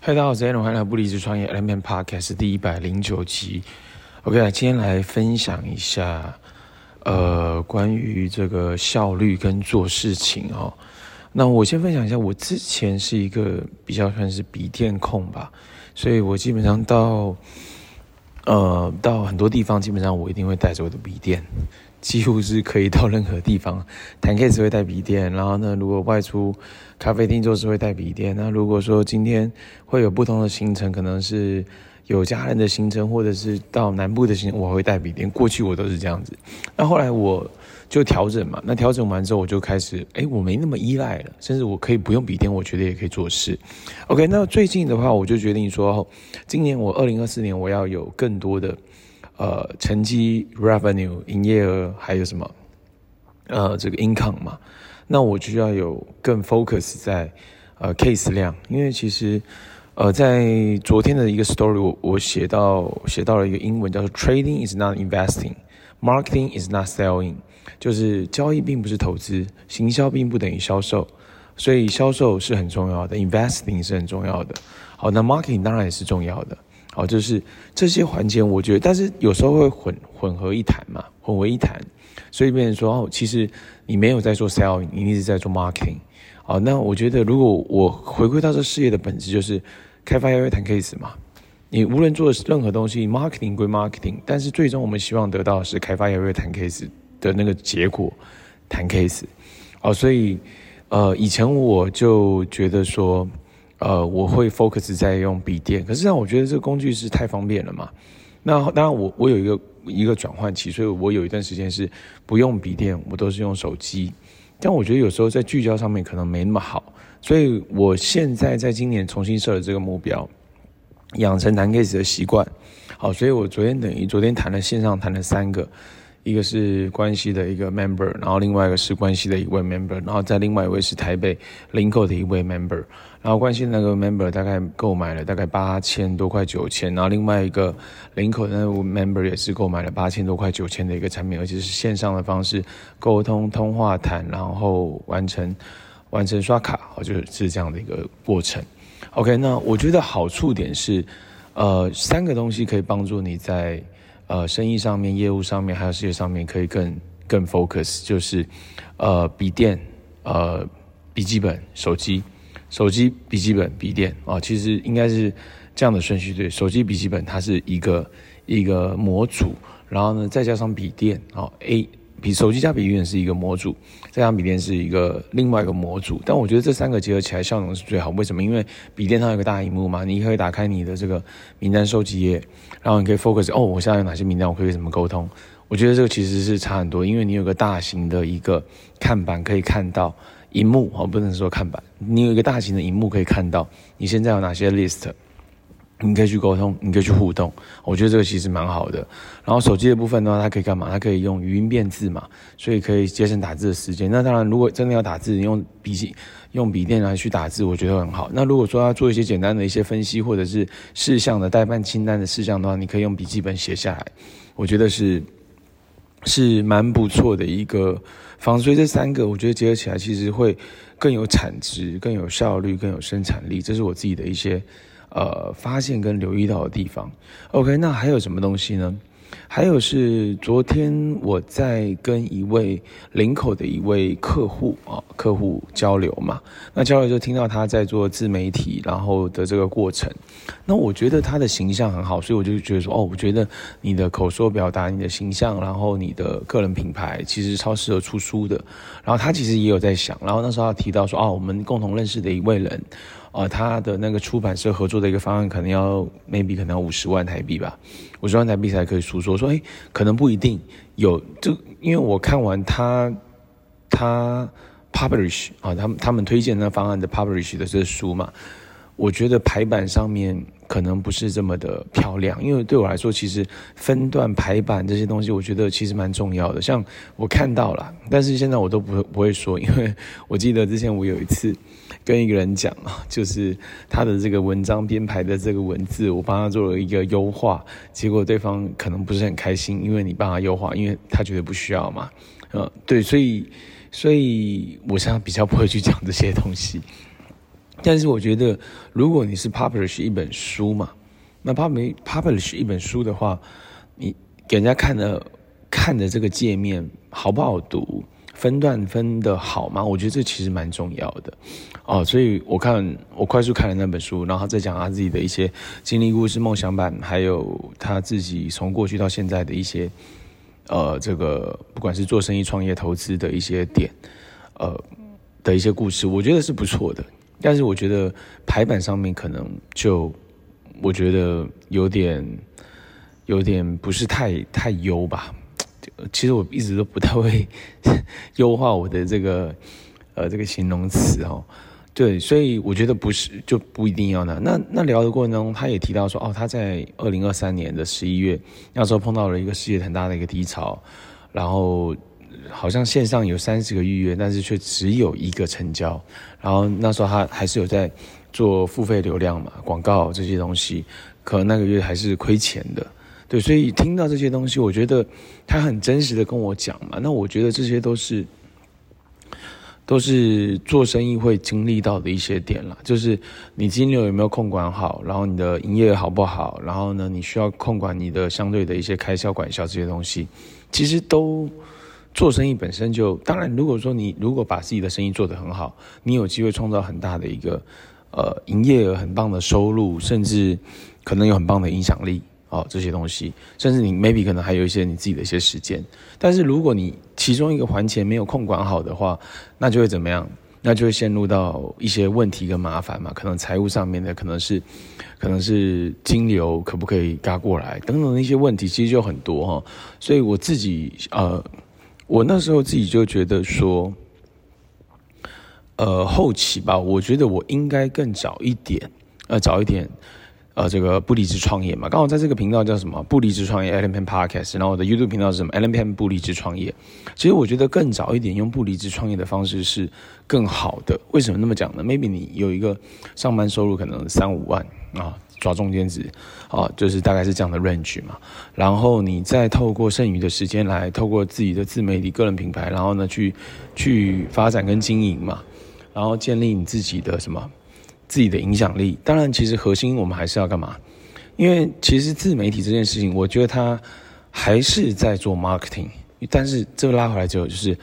嗨，大家好，我是 Allen 歡迎來到不離職創業 Lemon Podcast 第一百零九集。OK，今天來分享一下，呃，關於這個效率跟做事情哦，那我先分享一下，我之前是一個比較算是筆電控吧，所以我基本上到。呃，到很多地方基本上我一定會帶着我的筆電，幾乎是可以到任何地方談 case 會帶筆電，然後呢，如果外出咖啡廳就是會帶筆電。那如果說今天會有不同的行程，可能是。有家人的行程，或者是到南部的行程，我會帶筆電。過去我都是這樣子，那後來我就調整嘛。那調整完之後，我就開始，誒、欸、我沒那麼依賴了，甚至我可以不用筆電，我覺得也可以做事。OK，那最近的話，我就決定說，哦、今年我二零二四年我要有更多的，呃，成績、revenue、營業額，還有什麼，呃，這個 income 嘛，那我就要有更 focus 在，呃，case 量，因為其實。呃，在昨天的一個 story，我我寫到我寫到了一個英文叫做 “Trading is not investing, marketing is not selling”，就是交易並不是投資，行銷並不等於銷售，所以銷售是很重要的 ，investing 是很重要的。好，那 marketing 當然也是重要的。好，就是這些環節，我覺得，但是有時候會混混合一談嘛，混為一談，所以變成說哦，其實你沒有在做 selling，你一直在做 marketing。好，那我覺得如果我回歸到這事業的本質，就是。開發邀約談 case 嘛，你無論做任何東西，marketing 歸 marketing，但是最終我們希望得到是開發邀約談 case 的那個結果，談 case，哦、呃，所以，呃，以前我就覺得說，呃，我會 focus 在用筆電，可是讓我覺得這個工具是太方便了嘛，那當然我我有一個一個轉換器，所以我有一段時間是不用筆電，我都是用手機，但我覺得有時候在聚焦上面可能沒那麼好。所以，我現在在今年重新設了這個目標，養成談 case 的習慣。好，所以我昨天等於昨天談了線上談了三個，一個是關西的一個 member，然後另外一個是關西的一位 member，然後再另外一位是台北林口的一位 member。然後關西的那個 member 大概購買了大概八千多塊九千，然後另外一個林口那個 member 也是購買了八千多塊九千的一個產品，而且是線上的方式溝通通話談，然後完成。完成刷卡，哦，就是是這樣的一個過程。OK，那我覺得好處點是，呃，三個東西可以幫助你在呃生意上面、業務上面還有事業上面可以更更 focus，就是呃筆電、呃筆記本、手機、手機、筆記本、筆電啊、哦，其實應該是這樣的順序對，手機、筆記本它是一個一個模組，然後呢再加上筆電，啊、哦、A。比手機加筆記本是一個模組，再加筆電是一個另外一個模組，但我覺得這三個結合起來效能是最好。為什麼？因為筆電它有一個大熒幕嘛，你可以打開你的這個名單收集頁，然後你可以 focus 哦，我現在有哪些名單，我可以怎麼溝通？我覺得這個其實是差很多，因為你有個大型的一個看板可以看到熒幕啊，不能說看板，你有一個大型的熒幕可以看到你現在有哪些 list。你可以去溝通，你可以去互動，我覺得這個其實蠻好的。然後手機的部分的話，它可以幹嘛？它可以用語音變字嘛，所以可以節省打字的時間。那當然，如果真的要打字，用筆記、用筆電來去打字，我覺得很好。那如果說要做一些簡單的一些分析，或者是事項的代辦清單的事項的話，你可以用筆記本寫下來，我覺得是是蠻不錯的一個方式。所以這三個，我覺得結合起來其實會更有產值、更有效率、更有生產力。這是我自己的一些。呃，發現跟留意到的地方，OK，那還有什麼東西呢？還有是昨天我在跟一位林口的一位客戶啊，客戶交流嘛，那交流就聽到他在做自媒體，然後的這個過程，那我覺得他的形象很好，所以我就覺得說，哦，我覺得你的口說表達、你的形象，然後你的個人品牌，其實超適合出書的。然後他其實也有在想，然後那時候他提到說，哦，我們共同認識的一位人。啊、呃，他的那個出版社合作的一個方案，可能要 maybe 可能要五十萬台幣吧，五十萬台幣才可以出書。說，哎，可能不一定有，就因為我看完他他 publish 啊，他們、呃、他，他們推薦那方案的 publish 的這書嘛，我覺得排版上面，可能不是這麼的漂亮，因為對我來說，其實分段排版這些東西，我覺得其實蠻重要的。像我看到了，但是現在我都不會不會說，因為我記得之前我有一次跟一個人講啊，就是他的這個文章編排的這個文字，我幫他做了一個優化，結果對方可能不是很開心，因為你幫他優化，因為他覺得不需要嘛。呃、嗯，對，所以所以我現在比較不會去講這些東西。但是我覺得，如果你是 publish 一本書嘛，那 publish publish 一本書的話，你給人家看的看的這個界面，好不好讀，分段分得好嗎？我覺得這其實蠻重要的。哦，所以我看我快速看了那本書，然後再講他自己的一些經歷故事、夢想版，還有他自己從過去到現在的一些呃，這個不管是做生意、創業、投資的一些點，呃的一些故事，我覺得是不錯的。但是我覺得排版上面可能就我覺得有點有點不是太太優吧。其實我一直都不太會優 化我的這個呃這個形容詞哦。對，所以我覺得不是就不一定要那那那，聊的過程中，他也提到說，哦他在二零二三年的十一月那時候碰到了一個事業很大的一個低潮，然後。好像線上有三十個預約，但是卻只有一個成交。然後那時候他還是有在做付費流量嘛，廣告這些東西，可能那個月還是虧錢的。對，所以聽到這些東西，我覺得他很真實的跟我講嘛。那我覺得這些都是都是做生意會經歷到的一些點了，就是你金流有沒有控管好，然後你的營業好不好，然後呢，你需要控管你的相對的一些開銷、管銷這些東西，其實都。做生意本身就，當然，如果說你如果把自己的生意做得很好，你有機會創造很大的一個，呃，營業額很棒的收入，甚至可能有很棒的影響力，哦，這些東西，甚至你 maybe 可能還有一些你自己的一些時間。但是如果你其中一個環節沒有控管好的話，那就會怎麼樣？那就會陷入到一些問題跟麻煩嘛，可能財務上面的可能是，可能是金流可不可以軋過來等等的一些問題，其實就很多哈、哦。所以我自己呃。我那時候自己就覺得說，呃，後期吧，我覺得我應該更早一點，呃，早一點，呃，這個不離職創業嘛，剛好在這個頻道叫什麼“不離職創業 ”Allen Peng Podcast，然後我的 YouTube 頻道是什麼 Allen Peng 不離職創業，其實我覺得更早一點用不離職創業的方式是更好的。為什麼那麼講呢？Maybe 你有一個上班收入可能三五萬啊。抓中間值，啊，就是大概是這樣的 range 嘛。然後你再透過剩餘的時間來，透過自己的自媒體、個人品牌，然後呢去去發展跟經營嘛。然後建立你自己的什麼自己的影響力。當然，其實核心我們還是要幹嘛？因為其實自媒體這件事情，我覺得它還是在做 marketing。但是這個拉回來之後，就是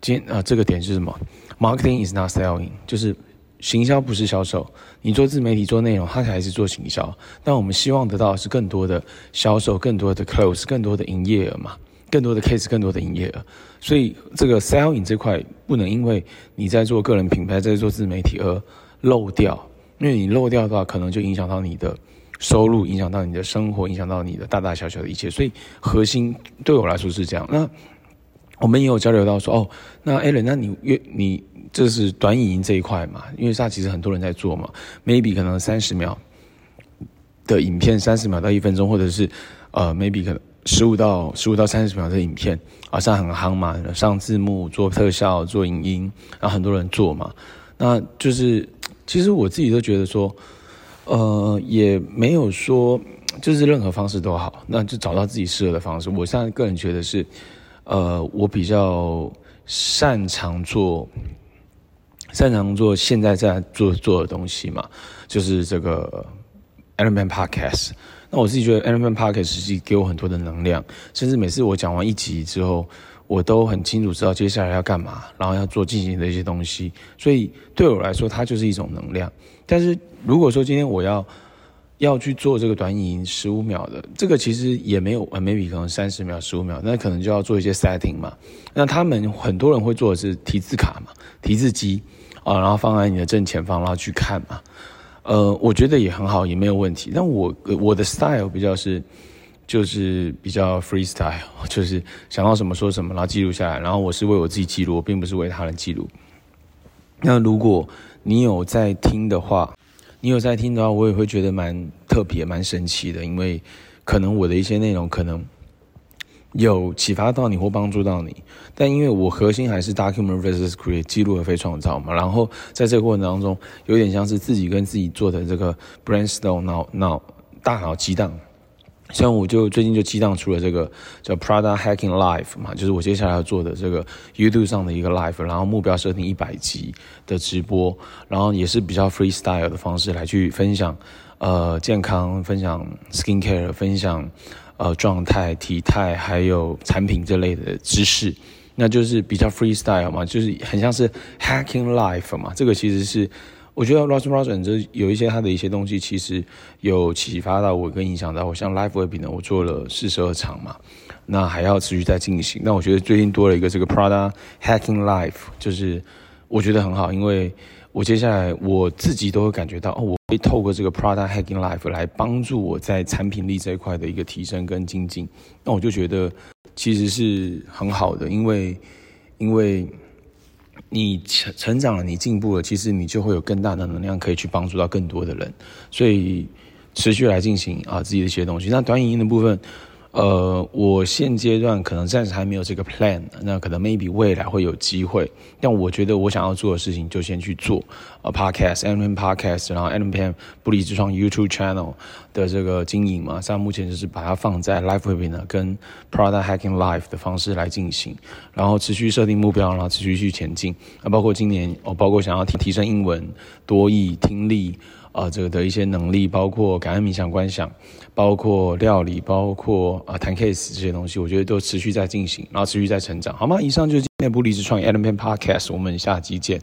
今啊這個點是什麼？marketing is not selling，就是。行銷不是銷售，你做自媒體做內容，它才是做行銷。但我們希望得到的是更多的銷售，更多的 close，更多的營業額嘛，更多的 case，更多的營業額。所以這個 selling 這塊不能因為你在做個人品牌，在做自媒體而漏掉，因為你漏掉的話，可能就影響到你的收入，影響到你的生活，影響到你的大大小小的一切。所以核心對我來說是這樣。那。我們也有交流到說哦，那 Allen 那你你這，就是短影音這一塊嘛？因為現在其實很多人在做嘛，maybe 可能三十秒的影片，三十秒到一分鐘，或者是呃，maybe 可能十五到十五到三十秒的影片啊，上很夯嘛，上字幕、做特效、做影音，音，然後很多人做嘛。那就是其實我自己都覺得說，呃，也沒有說就是任何方式都好，那就找到自己適合的方式。我現在個人覺得是。呃，我比較擅長做，擅長做現在在做做的東西嘛，就是這個 Allen Podcast。那我自己覺得 Allen Podcast 實際給我很多的能量，甚至每次我講完一集之後，我都很清楚知道接下來要幹嘛，然後要做進行的一些東西。所以對我來說，它就是一種能量。但是如果說今天我要，要去做這個短影音十五秒的，這個其實也沒有，maybe、呃、可能三十秒、十五秒，那可能就要做一些 setting 嘛。那他們很多人會做的是提字卡嘛，提字機啊，然後放在你的正前方，然後去看嘛。呃，我覺得也很好，也沒有問題。那我我的 style 比較是，就是比較 freestyle，就是想到什麼說什麼，然後記錄下來。然後我是為我自己記錄，我並不是為他人記錄。那如果你有在聽的話。你有在聽的話，我也會覺得蠻特別、蠻神奇的，因為可能我的一些內容可能有啟發到你或幫助到你，但因為我核心還是 document vs create 記錄和非創造嘛，然後在這個過程當中，有點像是自己跟自己做的這個 brainstorm，腦腦大腦激盪。像我就最近就激盪出了這個叫 Prada Hacking Life 嘛，就是我接下來要做的這個 YouTube 上的一個 Live，然後目標設定一百集的直播，然後也是比較 Freestyle 的方式來去分享，呃，健康、分享 Skin Care、分享呃狀態、體態還有產品這類的知識，那就是比較 Freestyle 嘛，就是很像是 Hacking Life 嘛，這個其實是。我覺得 Ross Brown 這有一些他的一些東西，其實有啟發到我跟影響到我。像 Live Webinar 呢，我做了四十二場嘛，那還要持續在進行。那我覺得最近多了一個這個 Prada Hacking Life，就是我覺得很好，因為我接下來我自己都會感覺到哦，我可以透過這個 Prada Hacking Life 來幫助我在產品力這一塊的一個提升跟精進。那我就覺得其實是很好的，因為因為。你成成長了，你進步了，其實你就會有更大的能量可以去幫助到更多的人，所以持續來進行啊自己的一些東西。那短影音的部分。呃，我現階段可能暫時還沒有這個 plan，那可能 maybe 未來會有機會。但我覺得我想要做的事情就先去做，呃、啊、，podcast，n p m a podcast，然後 n p m a 不離職創 YouTube channel 的這個經營嘛，像目前就是把它放在 live webinar 跟 product hacking life 的方式來進行，然後持續設定目標，然後持續去前進。那包括今年，哦、包括想要提提升英文，多益聽力。啊、呃，這個的一些能力，包括感恩冥想、觀想，包括料理，包括啊、呃、談 case 這些東西，我覺得都持續在進行，然後持續在成長，好嗎？以上就是今天的不離職創業 Allen Peng Podcast，我們下期見。